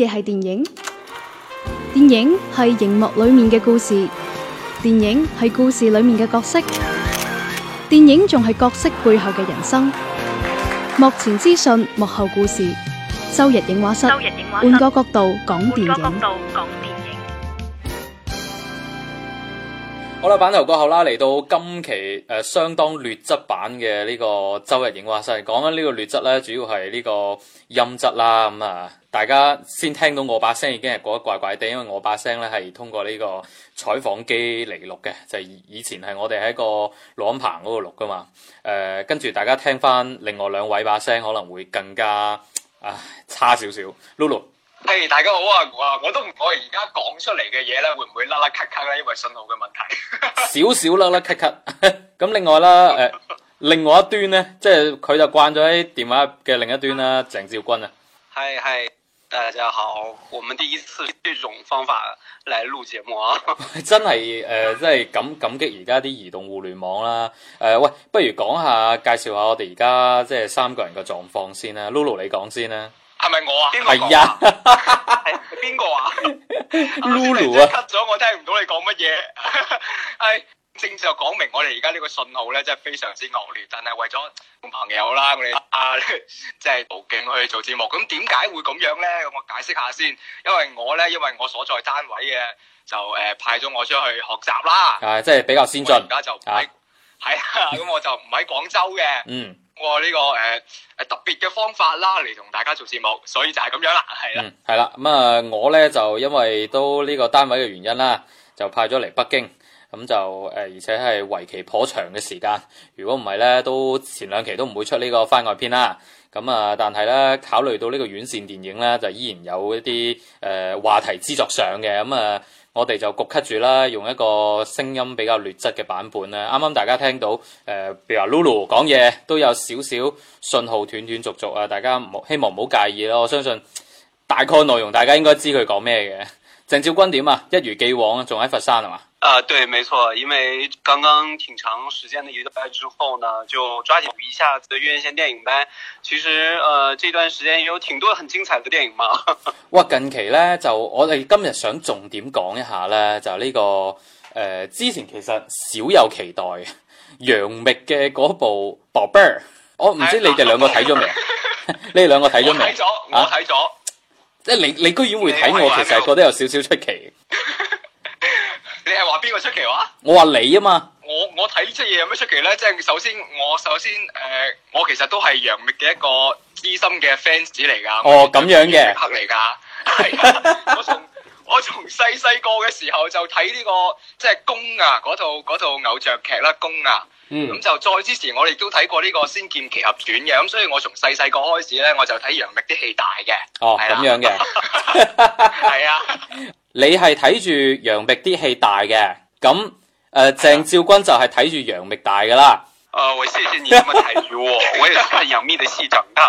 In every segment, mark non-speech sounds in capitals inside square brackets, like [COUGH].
電影係電影，電影係熒幕裏面嘅故事，電影係故事裏面嘅角色，電影仲係角色背後嘅人生。幕前資訊，幕後故事，週日影畫室，換個角度講電影。好啦，板頭過後啦，嚟到今期誒、呃，相當劣質版嘅呢個周日影話室。講緊呢個劣質咧，主要係呢個音質啦。咁、嗯、啊，大家先聽到我把聲已經係覺得怪怪地，因為我把聲咧係通過呢個採訪機嚟錄嘅，就係、是、以前係我哋喺個朗棚嗰度錄噶嘛。誒、呃，跟住大家聽翻另外兩位把聲，可能會更加啊差少少。露露。嘿，hey, 大家好啊！我啊，我都唔我而家講出嚟嘅嘢咧，會唔會甩甩咳咳咧？因為信號嘅問題，少少甩甩咳咳。咁另外啦，誒、呃，另外一端咧，即係佢就慣咗喺電話嘅另一端啦。鄭少、啊啊、君啊，係係，大家好，我們第一次用呢種方法嚟錄節目啊， [LAUGHS] 真係誒、呃，真係感感激而家啲移動互聯網啦。誒、呃，喂，不如講下，介紹下我哋而家即係三個人嘅狀況先啦。Lulu，你講先啦。係咪我啊？係啊？邊個啊 Lulu 啊，cut 咗我聽唔到你講乜嘢。係、 [LAUGHS] 哎、正就講明我哋而家呢個信號咧，真係非常之惡劣。但係為咗同朋友啦，我哋啊，即係途徑去做節目。咁點解會咁樣咧？咁我解釋下先。因為我咧，因為我所在單位嘅就誒、呃、派咗我出去學習啦。係、啊，即係比較先進。而家就唔係、係啊，咁、啊、我就唔喺廣州嘅。嗯。呢、這個呃、特別嘅方法啦，嚟同大家做節目，所以就係咁樣啦，係啦，係啦、嗯。咁啊，我咧就因為都呢個單位嘅原因啦，就派咗嚟北京，咁就而且係為期頗長嘅時間。如果唔係咧，都前兩期都唔會出呢個番外篇啦。咁啊，但係咧，考慮到呢個遠線電影咧，就依然有一啲誒、呃、話題之作上嘅咁啊。我哋就焗咳住啦，用一個聲音比較劣質嘅版本咧。啱啱大家聽到，誒，譬如話 Lulu 講嘢都有少少信號斷斷續續啊，大家唔好希望唔好介意啦。我相信大概內容大家應該知佢講咩嘅。鄭照君點啊？一如既往啊，仲喺佛山係嘛？啊，對，沒錯，因為剛剛挺長時間的一段之後呢，就抓緊一下子嘅院線電影班。其實，誒、呃，這段時間有挺多很精彩的電影嘛。 [LAUGHS] 哇，近期咧就我哋今日想重點講一下咧，就呢、這個誒、呃，之前其實少有期待楊冪嘅嗰部《寶貝》，我、哦、唔知你哋兩個睇咗未？呢、哎、呀 [LAUGHS] 兩個睇咗未？睇咗，我睇咗。啊即係你，你居然會睇，我其實覺得有少少出奇。 [LAUGHS] 你係話邊個出奇話？我話你啊嘛。我我睇呢出嘢，有咩出奇咧？即係首先，我首先誒、呃，我其實都係楊冪嘅一個資深嘅 fans 嚟噶。哦，咁、哦、樣嘅。黑嚟噶。我從我從細細個嘅時候就睇呢、這個即係宮啊嗰套嗰套偶像劇啦，宮啊。嗯，咁就再之前我哋都睇過呢個《仙劍奇俠傳》嘅，咁所以我從細細個開始咧，我就睇楊冪啲戲大嘅。哦，係咁樣嘅，係啊。你係睇住楊冪啲戲大嘅，咁誒鄭少君就係睇住楊冪大噶啦。我謝謝你這麼睇住我，我也是看楊冪的戲長大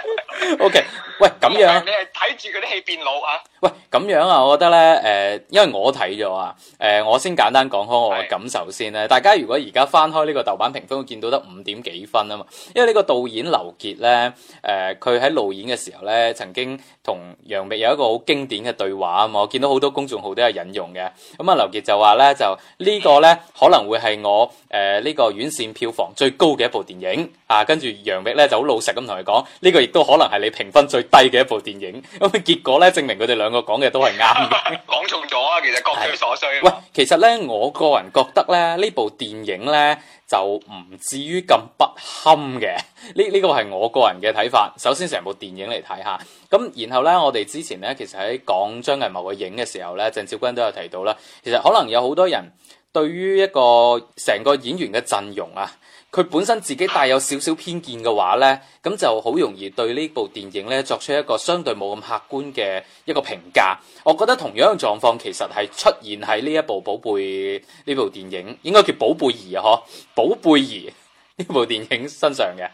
[LAUGHS] o、okay, K，喂，咁樣、啊、你係睇住啲戲變老吓、啊？喂，咁樣啊，我覺得咧，誒、呃，因為我睇咗啊，誒、呃，我先簡單講開我嘅感受先咧。是大家如果而家翻開呢個豆瓣評分，會見到得五點幾分啊嘛。因為呢個導演劉杰咧，誒、呃，佢喺路演嘅時候咧，曾經同楊冪有一個好經典嘅對話啊嘛。我見到好多公眾號都有引用嘅。咁、嗯、啊，劉杰就話咧，就、這個、呢個咧可能會係我誒呢、呃這個院線票房最高嘅一部電影啊。跟住楊冪咧就好老實咁同佢講呢個，都可能係你評分最低嘅一部電影，咁結果咧證明佢哋兩個講嘅都係啱，講 [LAUGHS] 中咗啊！其實各取所需。喂，其實咧，我個人覺得咧，呢部電影咧就唔至於咁不堪嘅。呢呢個係我個人嘅睇法。首先，成部電影嚟睇下。咁然後咧，我哋之前咧，其實喺講張藝謀嘅影嘅時候咧，鄭少君都有提到啦。其實可能有好多人對於一個成個演員嘅陣容啊。佢本身自己帶有少少偏見嘅話呢，咁就好容易對呢部電影呢作出一個相對冇咁客觀嘅一個評價。我覺得同樣嘅狀況其實係出現喺呢一部《寶貝》呢部電影，應該叫《寶貝兒》啊，嗬，《寶貝兒》呢部電影身上嘅。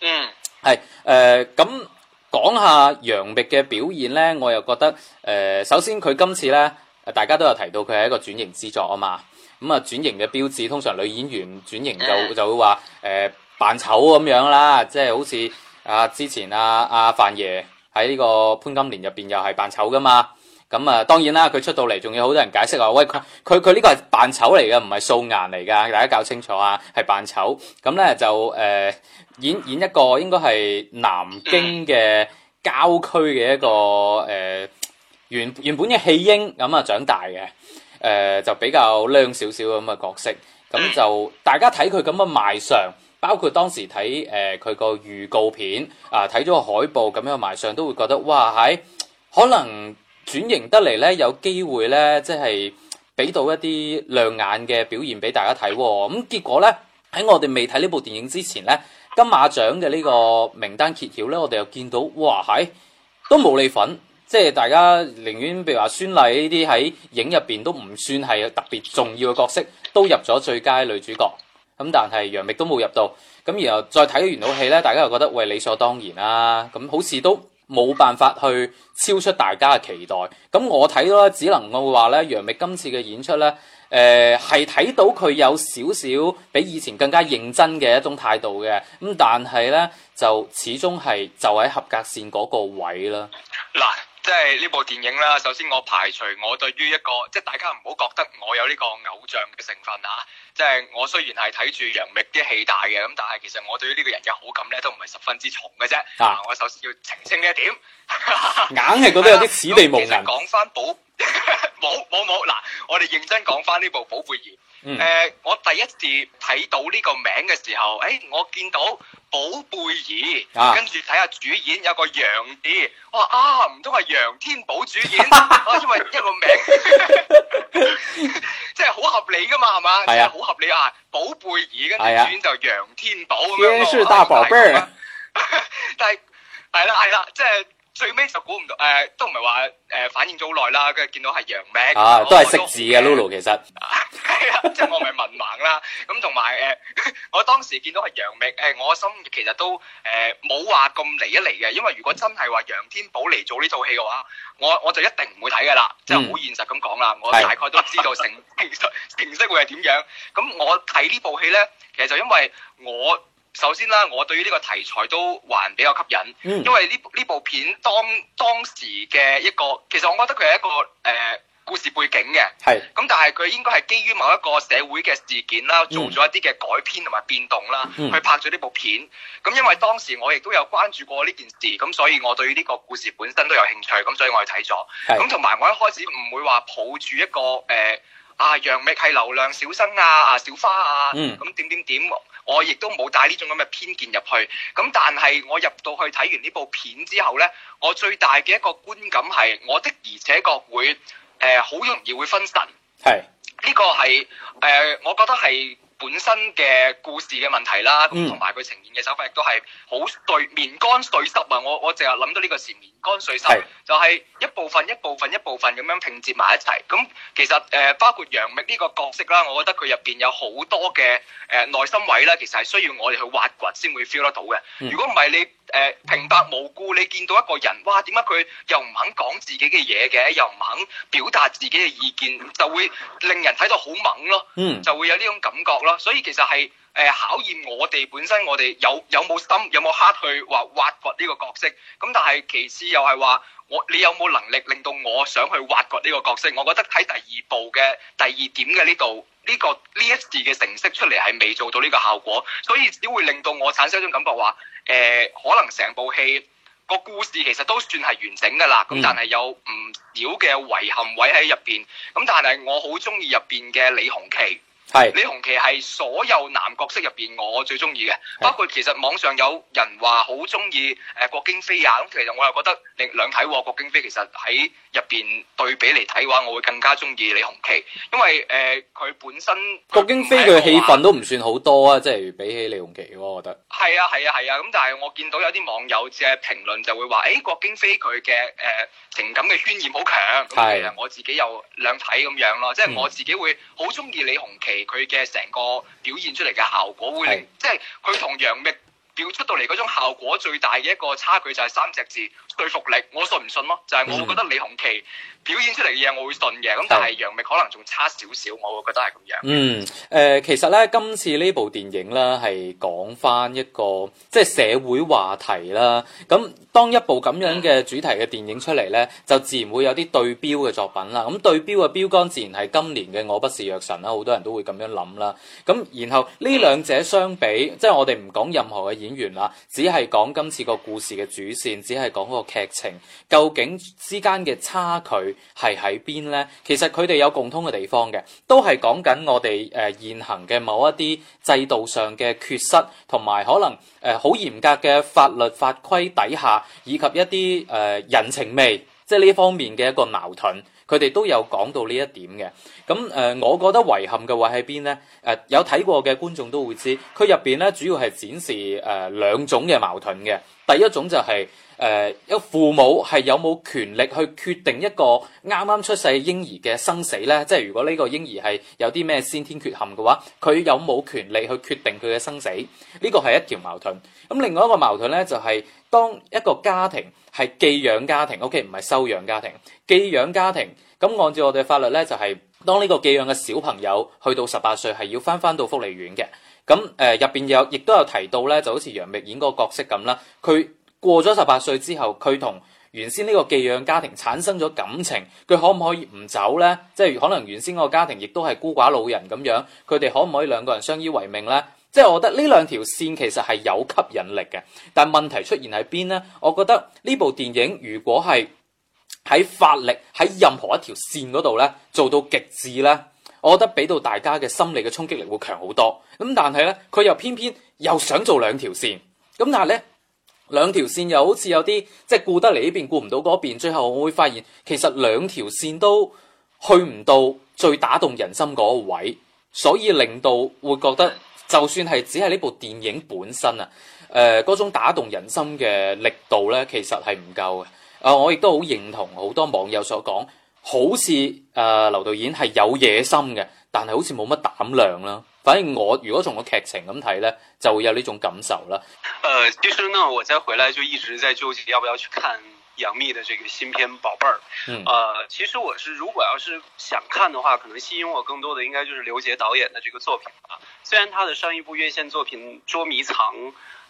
嗯。係，誒、呃，咁講下楊冪嘅表現呢，我又覺得，誒、呃，首先佢今次呢，大家都有提到佢係一個轉型之作啊嘛。嗯咁啊、嗯，轉型嘅標誌，通常女演員轉型就就會話誒扮醜咁樣啦，即係好似啊之前啊，阿范爺喺呢個潘金蓮入邊又係扮醜噶嘛。咁、嗯、啊，當然啦，佢出到嚟仲有好多人解釋話，喂，佢佢佢呢個係扮醜嚟嘅，唔係素顏嚟噶，大家搞清楚啊，係扮醜。咁、嗯、咧就誒、呃、演演一個應該係南京嘅郊區嘅一個誒、呃、原原本嘅棄嬰咁啊長大嘅。誒、呃、就比較亮少少咁嘅角色，咁就大家睇佢咁嘅賣相，包括當時睇誒佢個預告片，啊睇咗個海報咁嘅賣相，都會覺得哇係、哎，可能轉型得嚟呢有機會呢，即係俾到一啲亮眼嘅表現俾大家睇喎、啊。咁、嗯、結果呢，喺我哋未睇呢部電影之前呢，金馬獎嘅呢個名單揭曉呢，我哋又見到哇係、哎、都冇你份。即係大家，寧願譬如話孫儷呢啲喺影入面都唔算係特別重要嘅角色，都入咗最佳女主角。咁但係楊冪都冇入到。咁然後再睇完套戲咧，大家又覺得喂，理所當然啦、啊。咁好似都冇辦法去超出大家嘅期待。咁我睇到呢，只能我會話咧，楊冪今次嘅演出咧，誒係睇到佢有少少比以前更加認真嘅一種態度嘅。咁但係咧，就始終係就喺合格線嗰個位啦。嗱。即係呢部電影啦，首先我排除我對於一個，即係大家唔好覺得我有呢個偶像嘅成分啊。即係我雖然係睇住楊冪啲戲大嘅，咁但係其實我對於呢個人嘅好感咧都唔係十分之重嘅啫。啊、我首先要澄清呢一點，硬係覺得有啲此地無銀。講翻寶。冇冇冇嗱，我哋認真講返呢部寶《寶貝兒》。誒、呃，我第一次睇到呢個名嘅時候，誒，我見到寶《寶貝兒》，跟住睇下主演有個楊字，我話啊，唔通係楊天寶主演，因為一個名，即係好合理㗎嘛，係嘛？係啊，好合理啊，《寶貝兒》跟住主演就楊天寶，央視大寶貝、嗯、但係係啦係啦，即係。最尾就估唔到，誒、呃、都唔係話誒反應咗好耐啦，跟住見到係楊冪，啊、哦、都係識字嘅 Lulu 其實，係啊，即係我咪文盲啦，咁同埋誒，我當時見到係楊冪，誒、呃、我心其實都誒冇話咁嚟一嚟嘅，因為如果真係話楊天寶嚟做呢套戲嘅話，我我就一定唔會睇嘅啦，即係好現實咁講啦，我大概都知道成其實成色會係點樣，咁我睇呢部戲咧，其實就因為我。首先啦，我對於呢個題材都還比較吸引，嗯、因為呢呢部片當當時嘅一個，其實我覺得佢係一個誒、呃、故事背景嘅，係咁是，但係佢應該係基於某一個社會嘅事件啦，做咗一啲嘅改編同埋變動啦，嗯、去拍咗呢部片。咁因為當時我亦都有關注過呢件事，咁所以我對於呢個故事本身都有興趣，咁所以我去睇咗。咁同埋我一開始唔會話抱住一個誒、呃、啊楊冪係流量小生啊啊小花啊，咁點點點。我亦都冇帶呢種咁嘅偏見入去，咁但係我入到去睇完呢部片之後咧，我最大嘅一個觀感係：我的而且確會誒好、呃、容易會分神，係呢是個係誒、呃，我覺得係。本身嘅故事嘅問題啦，同埋佢呈現嘅手法亦都係好對棉乾絮濕啊！我我淨係諗到呢個詞，棉乾絮濕，是就係一部分一部分一部分咁樣拼接埋一齊，咁其實誒、呃、包括楊冪呢個角色啦，我覺得佢入邊有好多嘅誒內心位啦，其實係需要我哋去挖掘先會 feel 得到嘅。嗯、如果唔係你誒、呃、平白無故你見到一個人，哇點解佢又唔肯講自己嘅嘢嘅，又唔肯表達自己嘅意見就會令人睇到好懵咯，就會有呢種感覺咯。嗯嗯。所以其實係誒、呃、考驗我哋本身，我哋有有冇心有冇 heart 去話挖掘呢個角色。咁但係其次又係話，我你有冇能力令到我想去挖掘呢個角色？我覺得喺第二部嘅第二點嘅呢度，呢、這個呢一次嘅成色出嚟係未做到呢個效果，所以只會令到我產生一種感覺話，誒、呃、可能成部戲個故事其實都算係完整㗎啦。咁但係有唔少嘅遺憾位喺入邊。咁但係我好中意入邊嘅李紅旗。係是李鴻其係所有男角色入邊我最中意嘅，是包括其實網上有人話好中意誒郭京飛啊，咁其實我又覺得另兩睇郭京飛其實喺入邊對比嚟睇嘅話，我會更加中意李鴻其，因為誒佢、呃、本身郭京飛佢戲份都唔算好多啊，說即係比起李鴻其嘅話我覺得係啊係啊係啊，咁、啊啊啊、但係我見到有啲網友即係評論就會話，誒郭京飛佢嘅誒情感嘅渲染好強，係是我自己又兩睇咁樣咯，即係、嗯、我自己會好中意李鴻其。佢嘅成個表現出嚟嘅效果會令，是即係佢同楊冪。表出到嚟嗰種效果最大嘅一個差距就係三隻字對服力，我信唔信咯？就係、是、我會覺得李鴻其表現出嚟嘅嘢我會信嘅，咁、嗯、但係楊冪可能仲差少少，我會覺得係咁樣。嗯、呃，其實咧，今次呢部電影呢，係講翻一個即係社會話題啦。咁當一部咁樣嘅主題嘅電影出嚟咧，就自然會有啲對標嘅作品啦。咁對標嘅標杆自然係今年嘅《我不是藥神》啦，好多人都會咁樣諗啦。咁然後呢兩者相比，嗯、即係我哋唔講任何嘅。演員啦，只係講今次個故事嘅主線，只係講個劇情究竟之間嘅差距係喺邊呢？其實佢哋有共通嘅地方嘅，都係講緊我哋誒現行嘅某一啲制度上嘅缺失，同埋可能誒好嚴格嘅法律法規底下，以及一啲誒人情味，即係呢方面嘅一個矛盾。佢哋都有講到呢一點嘅，咁誒，我覺得遺憾嘅話喺邊咧？誒，有睇過嘅觀眾都會知道，佢入邊咧主要係展示誒、呃、兩種嘅矛盾嘅。第一種就係、是、誒，一父母係有冇權力去決定一個啱啱出世嬰兒嘅生死呢？即係如果呢個嬰兒係有啲咩先天缺陷嘅話，佢有冇權力去決定佢嘅生死？呢、呢個係一條矛盾。咁另外一個矛盾呢，就係、是、當一個家庭係寄養家庭，OK，唔係收養家庭，寄養家庭咁，那按照我哋法律呢，就係、是。當呢個寄養嘅小朋友去到十八歲，係要翻翻到福利院嘅。咁誒入面有，亦都有提到咧，就好似楊冪演個角色咁啦。佢過咗十八歲之後，佢同原先呢個寄養家庭產生咗感情，佢可唔可以唔走呢？即係可能原先嗰個家庭亦都係孤寡老人咁樣，佢哋可唔可以兩個人相依為命呢？即係我覺得呢兩條線其實係有吸引力嘅，但問題出現喺邊呢？我覺得呢部電影如果係喺發力喺任何一條線嗰度咧做到極致咧，我覺得俾到大家嘅心理嘅衝擊力會強好多。咁但係咧，佢又偏偏又想做兩條線。咁但係咧，兩條線又好似有啲即係顧得嚟呢邊顧唔到嗰邊。最後我會發現其實兩條線都去唔到最打動人心嗰個位，所以令到會覺得就算係只係呢部電影本身啊，嗰，呃，嗰種打動人心嘅力度咧，其實係唔夠嘅。啊！我亦都好認同好多網友所講，好似誒、呃、劉導演係有野心嘅，但係好似冇乜膽量啦。反正我如果從個劇情咁睇咧，就會有呢種感受啦。呃，其實呢，我再回來就一直在糾結要不要去看楊冪的這個新片《寶貝兒》。嗯。呃，其實我是如果要是想看的話，可能吸引我更多的應該就是劉傑導演的這個作品啦。雖然他的上一部院線作品《捉迷藏》。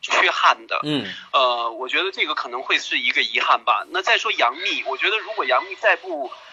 缺憾的，嗯，呃，我覺得這個可能會是一個遺憾吧。那再說楊冪，我覺得如果楊冪再不……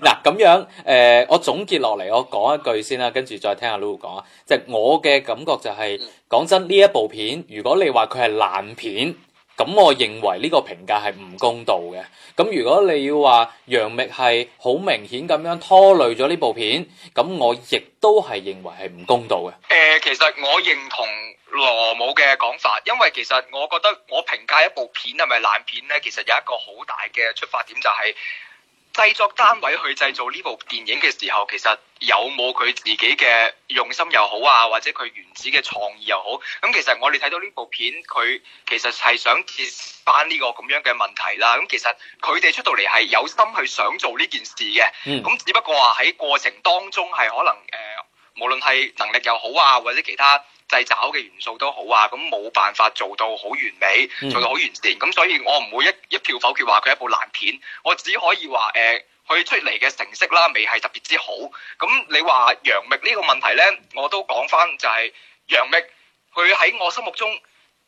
嗱咁 [LAUGHS] 樣，誒、呃，我總結落嚟，我講一句先啦，跟住再聽阿 Lulu 講啊。即、就、係、是、我嘅感覺就係、是，講、嗯、真呢一部片，如果你話佢係爛片，咁我認為呢個評價係唔公道嘅。咁如果你要話楊冪係好明顯咁樣拖累咗呢部片，咁我亦都係認為係唔公道嘅。誒、呃，其實我認同羅姆嘅講法，因為其實我覺得我評價一部片係咪爛片咧，其實有一個好大嘅出發點就係、是。製作單位去製造呢部電影嘅時候，其實有冇佢自己嘅用心又好啊，或者佢原始嘅創意又好，咁其實我哋睇到呢部片，佢其實係想揭翻呢個咁樣嘅問題啦。咁其實佢哋出到嚟係有心去想做呢件事嘅，咁、嗯、只不過話喺過程當中係可能誒、呃，無論係能力又好啊或者其他。製找嘅元素都好啊，咁冇辦法做到好完美，嗯、做到好完善。咁所以我唔會一一票否決話佢一部爛片，我只可以話誒，佢、呃、出嚟嘅成績啦，未係特別之好。咁你話楊冪呢個問題呢，我都講翻就係楊冪，佢喺我心目中，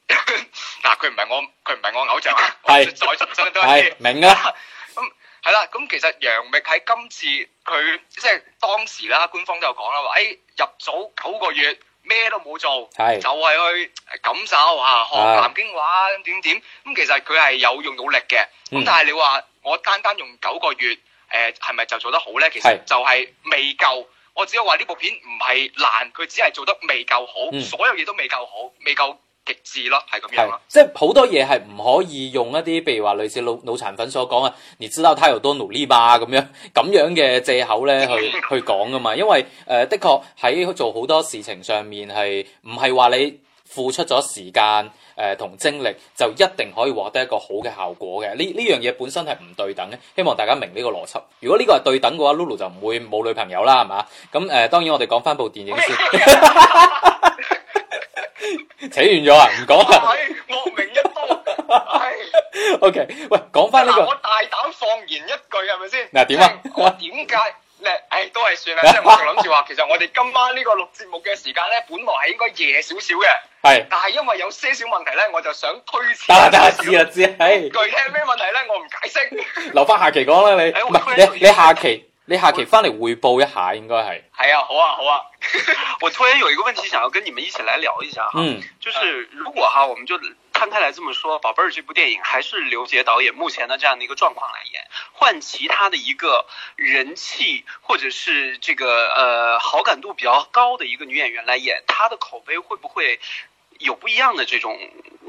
嗱佢唔係我佢唔係我偶像啊，是我再重新都係明啊。咁係啦，咁其實楊冪喺今次佢即係當時啦，官方都有講啦，話誒、哎、入組九個月。咩都冇做，是就係去感受下學，學南京話點點，咁其實佢係有用到力嘅，咁、嗯、但係你話我單單用九個月，誒係咪就做得好咧？其實就係未夠，是我只有話呢部片唔係難，佢只係做得未夠好，嗯、所有嘢都未夠好，未夠。極致咯，係咁樣，即係好多嘢係唔可以用一啲，譬如話類似腦腦殘粉所講啊，你知道他有多努力吧咁樣咁樣嘅借口咧，去 [LAUGHS] 去講噶嘛。因為誒、呃、的確喺做好多事情上面係唔係話你付出咗時間誒同、呃、精力就一定可以獲得一個好嘅效果嘅。呢呢樣嘢本身係唔對等嘅。希望大家明呢個邏輯。如果呢個係對等嘅話，Lulu 就唔會冇女朋友啦，係嘛？咁誒、呃，當然我哋講翻部電影先。 [LAUGHS] 扯完咗啊，唔講啊，莫名一刀、哎、，OK，喂，講翻呢個，我大膽放言一句係咪先？嗱，點啊？喂、啊，點解咧？唉、啊哎，都係算啦，啊、即係我仲諗住話，其實我哋今晚個錄節呢個錄節目嘅時間咧，本來係應該夜少少嘅，係是，但係因為有些少問題咧，我就想推遲。等知啦知啦，具體咩問題咧，我唔解釋，留翻下期講啦你，哎、我不你你下期。你下期翻嚟匯報一下，應該係係啊，好啊，好啊。我突然有一個問題，想要跟你們一起來聊一下。嗯，就是如果哈，呃、我們就攤開來這麼說，寶貝兒這部電影，還是劉傑導演目前的這樣的一個狀況來演，換其他的一個人氣或者是這個，呃，好感度比較高的一個女演員來演，她的口碑會不會有不一樣的這種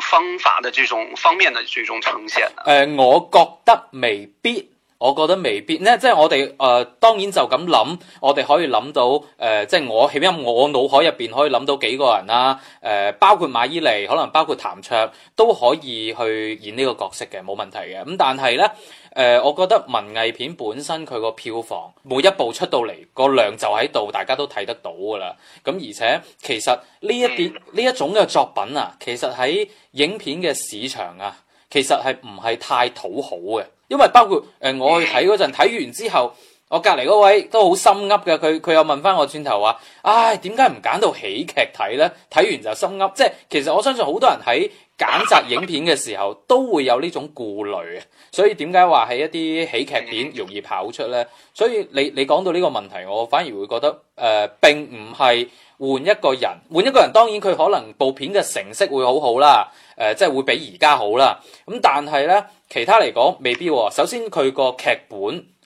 方法的這種方面的這種呈現呢？誒、呃，我覺得未必。我覺得未必咧，即係我哋誒、呃、當然就咁諗，我哋可以諗到誒、呃，即係我起碼我腦海入面可以諗到幾個人啦。誒、呃，包括馬伊琍，可能包括譚卓都可以去演呢個角色嘅，冇問題嘅。咁但係咧誒，我覺得文藝片本身佢個票房每一部出到嚟個量就喺度，大家都睇得到噶啦。咁而且其實呢一啲呢一種嘅作品啊，其實喺影片嘅市場啊，其實係唔係太討好嘅。因為包括、呃、我去睇嗰陣，睇完之後，我隔離嗰位都好心噏嘅，佢佢又問返我轉頭話：唉、哎，點解唔揀到喜劇睇呢？睇完就心噏，即係其實我相信好多人喺揀擇影片嘅時候都會有呢種顧慮，所以點解話係一啲喜劇片容易跑出呢？所以你你講到呢個問題，我反而會覺得誒、呃、並唔係。換一個人，換一個人，當然佢可能部片嘅成色會好好啦、呃，即係會比而家好啦。咁但係咧，其他嚟講未必、哦。首先佢個劇本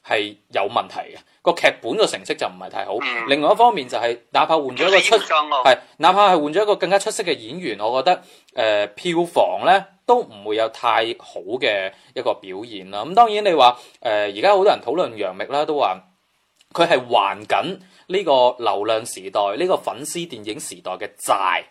係有問題嘅，個劇本個成色就唔係太好。另外一方面就係、是，哪怕換咗一個出，係、嗯、哪怕係換咗一個更加出色嘅演員，我覺得、呃、票房咧都唔會有太好嘅一個表現啦。咁、嗯、當然你話誒而家好多人討論楊冪啦，都話佢係還緊，呢個流量時代，呢個粉絲電影時代嘅債，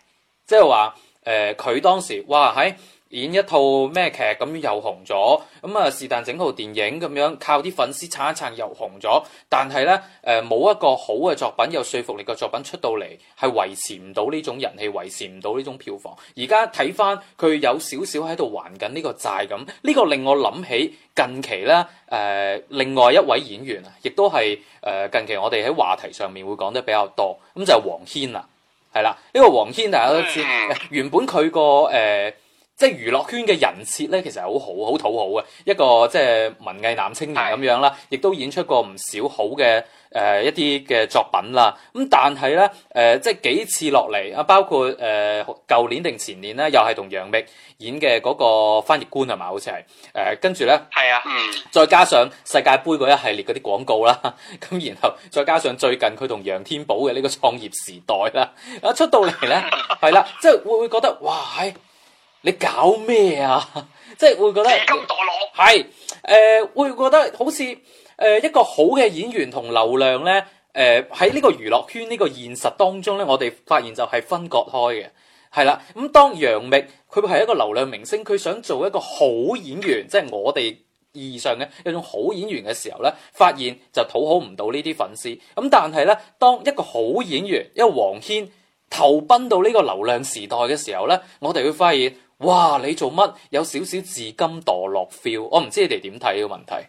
即係話，誒佢當時哇喺演一套咩劇咁又紅咗，咁啊是但整套電影咁樣靠啲粉絲撐一撐又紅咗，但係呢，冇、呃、一個好嘅作品，有說服力嘅作品出到嚟係維持唔到呢種人氣，維持唔到呢種票房。而家睇翻佢有少少喺度還緊呢個債咁，呢、這個令我諗起近期呢，誒、呃、另外一位演員啊，亦都係、呃、近期我哋喺話題上面會講得比較多，咁就係黃軒啦，係啦，呢、這個黃軒大家都知道，原本佢個誒。呃即係娛樂圈嘅人設咧，其實好討好好討好嘅一個即係文藝男青年咁樣啦，亦都演出過唔少好嘅誒、呃、一啲嘅作品啦。咁但係咧誒，即係幾次落嚟啊，包括誒舊、呃、年定前年咧，又係同楊冪演嘅嗰個翻譯官係嘛，好似係誒，跟住咧，呃、係啊，嗯、再加上世界盃嗰一系列嗰啲廣告啦，咁然後再加上最近佢同楊天寶嘅呢個創業時代啦，一出到嚟咧係啦，即係會會覺得哇、哎你搞咩啊？即係會覺得，係係、呃，會覺得好似、呃、一個好嘅演員同流量咧喺呢、呃、個娛樂圈呢個現實當中咧，我哋發現就係分割開嘅，係啦。咁、嗯、當楊冪佢係一個流量明星，佢想做一個好演員，即、就、係、是、我哋意義上嘅一種好演員嘅時候咧，發現就討好唔到呢啲粉絲。咁、嗯、但係咧，當一個好演員，一個黃軒投奔到呢個流量時代嘅時候咧，我哋會發現。哇！你做乜有少少自甘墮落 feel？我唔知你哋點睇呢個問題。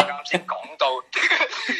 啱先講到，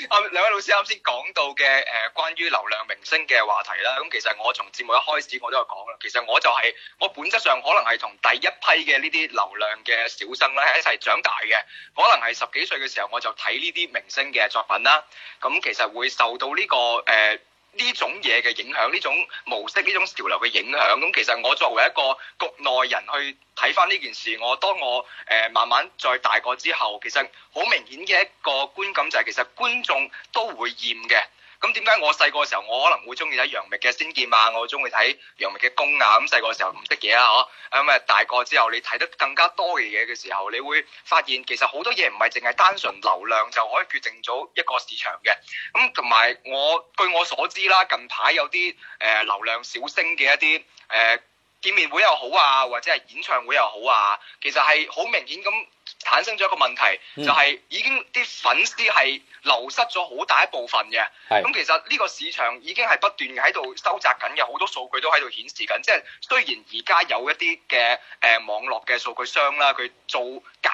阿兩位老師啱先講到嘅誒、呃，關於流量明星嘅話題啦。咁其實我從節目一開始我都有講啦。其實我就係、是、我本質上可能係同第一批嘅呢啲流量嘅小生咧一齊長大嘅。可能係十幾歲嘅時候我就睇呢啲明星嘅作品啦。咁其實會受到呢、這個誒。呃呢種嘢嘅影響，呢種模式，呢種潮流嘅影響。咁其實我作為一個局內人去睇翻呢件事，我當我誒、呃、慢慢再大個之後，其實好明顯嘅一個觀感就係、是，其實觀眾都會厭嘅。咁點解我細個嘅時候，我可能會中意睇楊冪嘅仙劍啊，我會中意睇楊冪嘅宮啊。咁細個嘅時候唔識嘢啊。嗬。咁咪大個之後，你睇得更加多嘅嘢嘅時候，你會發現其實好多嘢唔係淨係單純流量就可以決定咗一個市場嘅。咁同埋我據我所知啦，近排有啲誒、呃、流量小升嘅一啲誒。呃見面會又好啊，或者係演唱會又好啊，其實係好明顯咁產生咗一個問題，就係已經啲粉絲係流失咗好大一部分嘅。咁其實呢個市場已經係不斷喺度收集緊嘅，好多數據都喺度顯示緊。即係雖然而家有一啲嘅誒網絡嘅數據商啦，佢做假。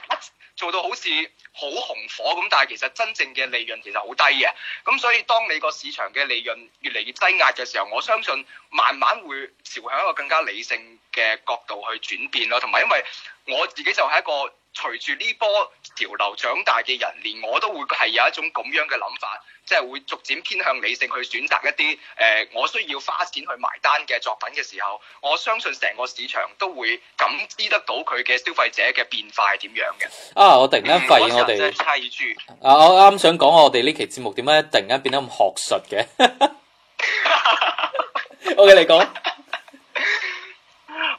做到好似好紅火咁，但係其實真正嘅利潤其實好低嘅，咁所以當你個市場嘅利潤越嚟越低壓嘅時候，我相信慢慢會朝向一個更加理性嘅角度去轉變咯，同埋因為。我自己就係一個隨住呢波潮流長大嘅人，連我都會係有一種咁樣嘅諗法，即係會逐漸偏向理性去選擇一啲誒、呃、我需要花錢去埋單嘅作品嘅時候，我相信成個市場都會感知得到佢嘅消費者嘅變化係點樣嘅。啊！我突然間發現我哋啊，我啱想講我哋呢期節目點解突然間變得咁學術嘅。 [LAUGHS] [LAUGHS] o、okay, K，你講。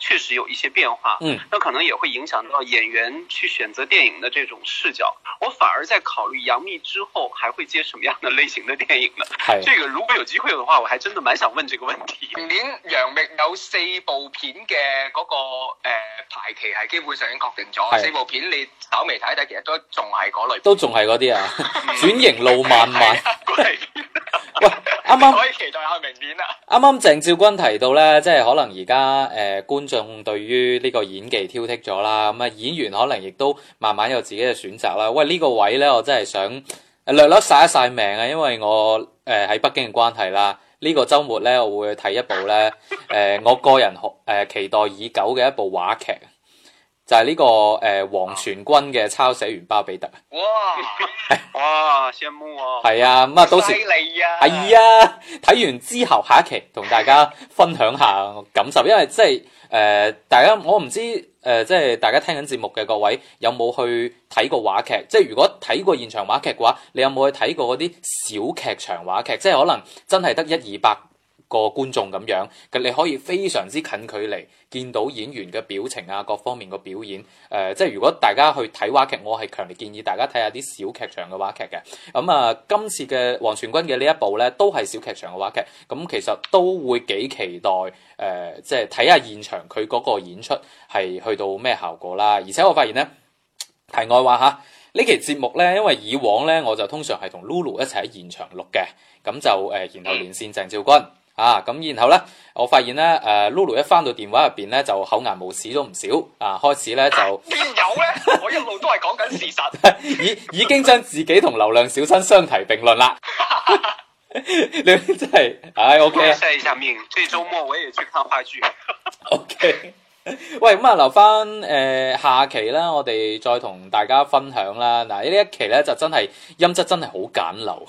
確實有一些變化，嗯，那可能也會影響到演員去選擇電影的這種視角。我反而在考慮楊冪之後還會接什麼樣的類型的電影呢？是這個如果有機會的話，我還真的蠻想問這個問題。明年楊冪有四部片嘅嗰、那個誒排、呃、期係基本上已經確定咗，是四部片你稍微睇睇，其實都仲係嗰類，都仲係嗰啲啊， [LAUGHS] [LAUGHS] 轉型路漫漫。 [LAUGHS] [LAUGHS] [LAUGHS] 喂，啱啱可以期待下明年啦。啱啱鄭照君提到咧，即係可能而家誒觀眾對於呢個演技挑剔咗啦，咁、呃、啊演員可能亦都慢慢有自己嘅選擇啦。喂，呢、這個位咧，我真係想略略晒一晒命啊，因為我誒喺、呃、北京嘅關係啦，呢、這個周末咧我會睇一部咧誒、呃、我個人好誒、呃、期待已久嘅一部話劇。就係呢、這個誒王傳君嘅抄寫員巴特比，哇！ [LAUGHS] 哇，羨慕喎！係啊，咁 [LAUGHS] 啊到時係啊，睇、啊、完之後下一期同大家分享一下感受，因為即係誒、呃、大家我唔知誒、呃、即係大家聽緊節目嘅各位有冇去睇過話劇？即係如果睇過現場話劇嘅話，你有冇去睇過嗰啲小劇場話劇？即係可能真係得一二百個觀眾咁樣，咁你可以非常之近距離見到演員嘅表情啊，各方面嘅表演。誒、呃，即係如果大家去睇話劇，我係強烈建議大家睇下啲小劇場嘅話劇嘅。咁、嗯、啊，今次嘅黃泉君嘅呢一部咧，都係小劇場嘅話劇。咁、嗯、其實都會幾期待誒、呃，即係睇下現場佢嗰個演出係去到咩效果啦。而且我發現咧，題外話下呢期節目咧，因為以往咧，我就通常係同 Lulu 一齊喺現場錄嘅，咁就誒、呃，然後連線鄭少君。啊，咁然後咧，我發現咧，誒，Lulu 一翻到電話入邊咧，就厚顏無恥咗唔少，啊，開始咧就邊有咧？我一路都係講緊事實，已 [LAUGHS] 已經將自己同流量小生相提並論啦。 [LAUGHS] [LAUGHS] 你真係，唉，OK 啊。即係上面，即係周末，我也去看話劇。OK，喂，咁啊，留翻誒下期啦，我哋再同大家分享啦。嗱，呢一期咧就真係音質真係好簡陋。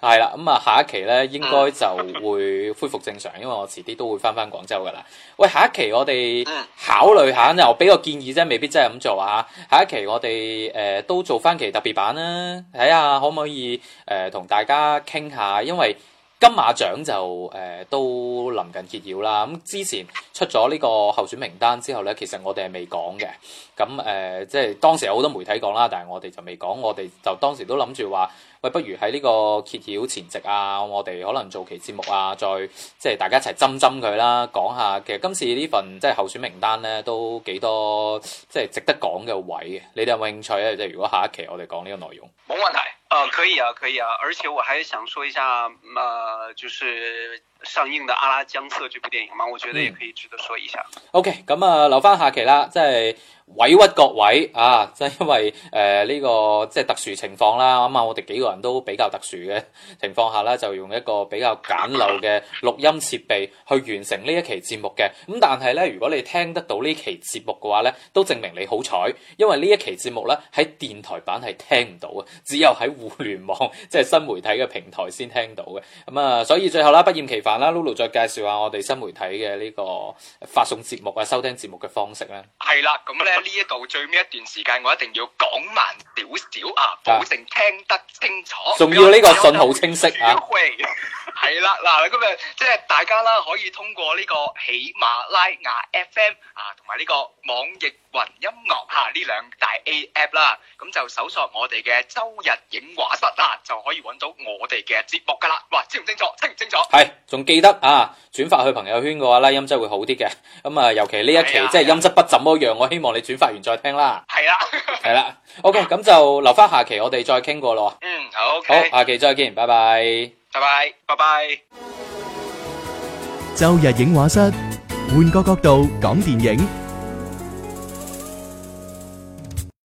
係啦，咁啊、嗯，下一期咧應該就會恢復正常，因為我遲啲都會翻翻廣州噶啦。喂，下一期我哋考慮下，我俾個建議啫，未必真係咁做啊。下一期我哋誒、呃、都做翻期特別版啦，睇下可唔可以誒、呃、同大家傾下，因為金馬獎就誒、呃、都臨近揭曉啦。咁、嗯、之前出咗呢個候選名單之後咧，其實我哋係未講嘅。咁誒，即、呃、係、就是、當時有好多媒體講啦，但係我哋就未講，我哋就當時都諗住話。不如喺呢個揭曉前夕啊，我哋可能做期節目啊，再即係大家一齊針針佢啦，講下其實今次呢份即係候選名單咧，都幾多即係值得講嘅位嘅，你哋有冇興趣咧？即係如果下一期我哋講呢個內容，冇問題。哦、可以啊，可以啊，而且我還想說一下，啊、嗯，就是上映的《阿拉姜色》這部電影嘛，我覺得也可以值得說一下。OK，咁、嗯、啊，留翻下期啦，即係委屈各位啊，即係因為誒呢、呃這個即係特殊情況啦，咁、嗯、啊，我哋幾個人都比較特殊嘅情況下啦，就用一個比較簡陋嘅錄音設備去完成呢一期節目嘅。咁、嗯、但係咧，如果你聽得到呢期節目嘅話咧，都證明你好彩，因為呢一期節目咧喺電台版係聽唔到啊，只有喺互聯網即係新媒體嘅平台先聽到嘅，咁啊，所以最後啦，不厭其煩啦，Lulu 再介紹下我哋新媒體嘅呢個發送節目啊、收聽節目嘅方式啦。係啦，咁咧呢一度最尾一段時間，我一定要講慢少少啊，保證聽得清楚，仲要呢個信號清晰啊。係啦，嗱咁啊，即係大家啦，可以通過呢個喜馬拉雅 FM 啊，同埋呢個網易雲音樂吓呢兩大 A P P 啦，咁就搜索我哋嘅周日影畫室啦，就可以揾到我哋嘅節目噶啦。哇，清唔清楚？聽唔清楚？係，仲記得啊？轉發去朋友圈嘅話咧，音質會好啲嘅。咁啊，尤其呢一期即係音質不怎麼樣，我希望你轉發完再聽啦。係啦，係啦，OK，咁就留翻下期我哋再傾過咯。嗯，好，好，下期再見，拜拜，拜拜，拜拜。周日影畫室，換個角度講電影。